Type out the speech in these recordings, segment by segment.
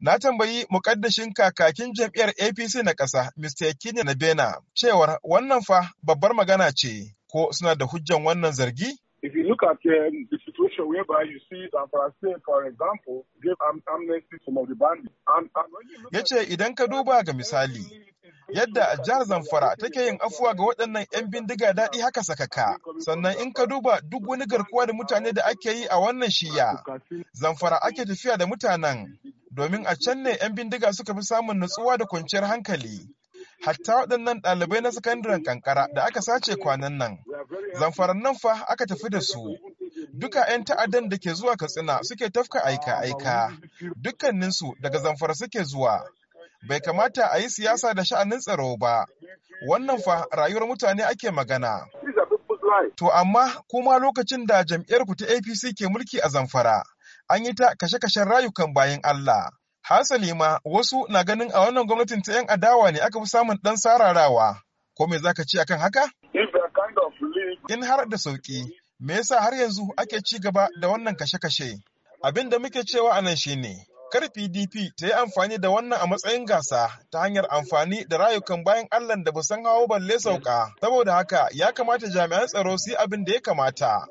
Na tambayi mukaddashin kakakin jam'iyyar APC na ƙasa, Mr. na Bena. cewar wannan fa babbar magana ce, ko suna da hujjan wannan zargi? If you look at um, the situation whereby you see San Francisco, for example, give amnesty to some the bandits. Ya ce idan ka duba ga misali, yadda jihar Zamfara take yin afuwa ga waɗannan 'yan bindiga daɗi haka sakaka, sannan in ka duba duk wani garkuwa da mutane da ake yi a wannan shiya, Zamfara ake tafiya da mutanen. domin a can ne 'yan bindiga suka fi samun nutsuwa da kwanciyar hankali. Hatta waɗannan ɗalibai na sakandaren kankara da aka sace kwanan nan, zamfaran nan fa aka tafi da su. Duka 'yan ta'addan da ke zuwa Katsina suke tafka aika-aika, dukkaninsu daga zamfara suke zuwa. Bai kamata a yi siyasa da sha'anin tsaro ba, wannan fa rayuwar mutane ake magana. To amma kuma lokacin da jam'iyyarku ta APC ke mulki a zamfara, an yi ta kashe-kashen rayukan bayan Allah. Hasali ma wasu na ganin a wannan gwamnatin ta 'yan adawa ne aka fi samun ɗan sararawa. Ko me za ka ce akan haka? In har da sauƙi, me yasa har yanzu ake ci gaba da wannan kashe-kashe? Abin da muke cewa anan nan ne. Kar PDP ta yi amfani da wannan a matsayin gasa ta hanyar amfani da rayukan bayan Allah da ba san hawo balle sauka. Saboda haka ya kamata jami'an tsaro su yi abin da ya kamata.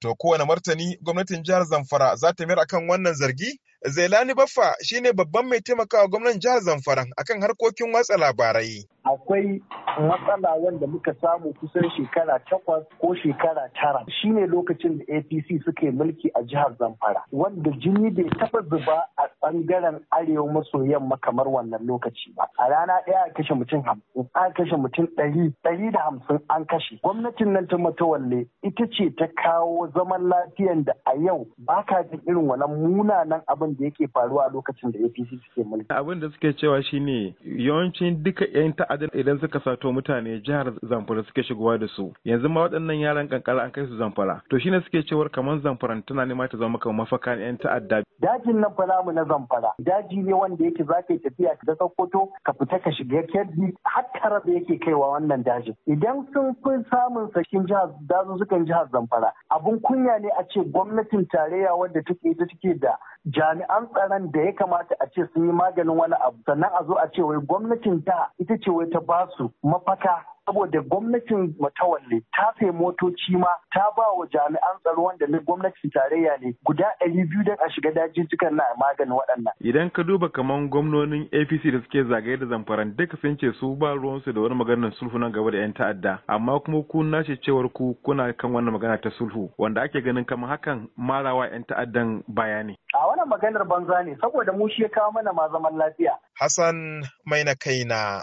To kowane martani gwamnatin jihar Zamfara za ta mayar akan wannan zargi? Zailani Baffa shine babban mai taimakawa gwamnan jihar Zamfara akan harkokin watsa labarai. akwai matsala wanda muka samu kusan shekara takwas ko shekara tara shine lokacin da apc suka yi mulki a jihar zamfara wanda jini bai taba zuba a bangaren arewa maso yamma kamar wannan lokaci ba a rana ɗaya a kashe mutum hamsin an kashe mutum ɗari ɗari da hamsin an kashe gwamnatin nan ta matawalle ita ce ta kawo zaman lafiyan da a yau ba ka jin irin wannan munanan abin da yake faruwa lokacin da APC suke mulki abin da suke cewa shine yawancin duka yan ta'adda idan suka sato mutane jihar Zamfara suke shigowa da su yanzu ma waɗannan yaran kankara an kai su Zamfara to shi shine suke cewar kamar Zamfara tana nema ta zama kamar mafakan yan ta'adda dajin nan fa namu na zamfara daji ne wanda yake za ka yi tafiya ka sokoto ka fita ka shiga kebbi har tara da yake kaiwa wannan dajin idan sun fi samun sakin jihar dazuzzukan jihar zamfara abun kunya ne a ce gwamnatin tarayya wadda take ita take da jami'an tsaron da ya kamata a ce sun yi maganin wani abu sannan a zo a ce wai gwamnatin ta ita ce wai ta basu mafaka saboda gwamnatin matawalle ta sai motoci ma ta ba wa jami'an tsaro wanda na gwamnatin tarayya ne guda ɗari biyu da a shiga dajijjikan na maganin waɗannan. Idan ka duba kamar gwamnonin APC da suke zagaye da zamfaran duka sun ce su ba ruwansu da wani maganar sulhu nan gaba da 'yan ta'adda amma kuma ku nace cewar ku kuna kan wannan magana ta sulhu wanda ake ganin kamar hakan marawa 'yan ta'addan baya ne. A wannan maganar banza ne saboda mu shi ya kawo mana ma zaman lafiya. Hassan mai na kaina